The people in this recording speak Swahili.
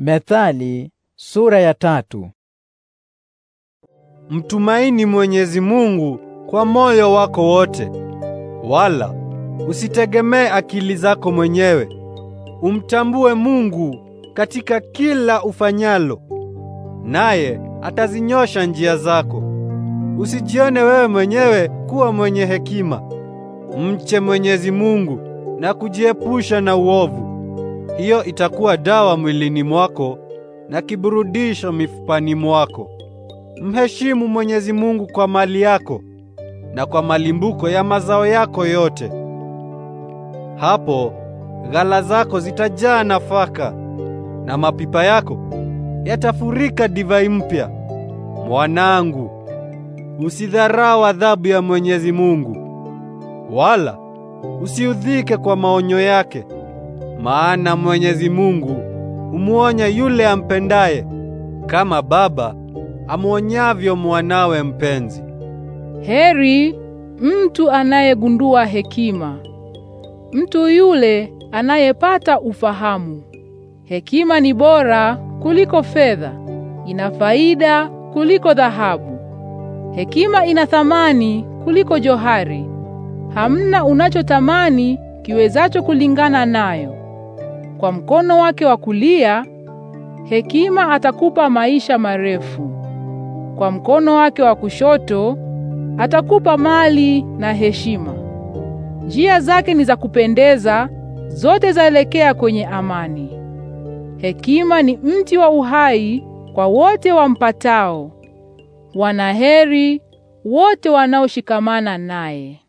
Methali sura ya tatu. Mtumaini Mwenyezi Mungu kwa moyo wako wote, wala usitegemee akili zako mwenyewe. Umtambue Mungu katika kila ufanyalo, naye atazinyosha njia zako. Usijione wewe mwenyewe kuwa mwenye hekima. Mche Mwenyezi Mungu na kujiepusha na uovu. Hiyo itakuwa dawa mwilini mwako na kiburudisho mifupani mwako. Mheshimu Mwenyezi Mungu kwa mali yako na kwa malimbuko ya mazao yako yote. Hapo ghala zako zitajaa nafaka na mapipa yako yatafurika divai mpya. Mwanangu, usidharau adhabu ya Mwenyezi Mungu wala usiudhike kwa maonyo yake. Maana Mwenyezi Mungu umuonya yule ampendaye kama baba amuonyavyo mwanawe mpenzi. Heri mtu anayegundua hekima, mtu yule anayepata ufahamu. Hekima ni bora kuliko fedha, ina faida kuliko dhahabu. Hekima ina thamani kuliko johari, hamna unachotamani kiwezacho kulingana nayo. Kwa mkono wake wa kulia hekima atakupa maisha marefu, kwa mkono wake wa kushoto atakupa mali na heshima. Njia zake ni za kupendeza, zote zaelekea kwenye amani. Hekima ni mti wa uhai kwa wote wampatao, wanaheri wote wanaoshikamana naye.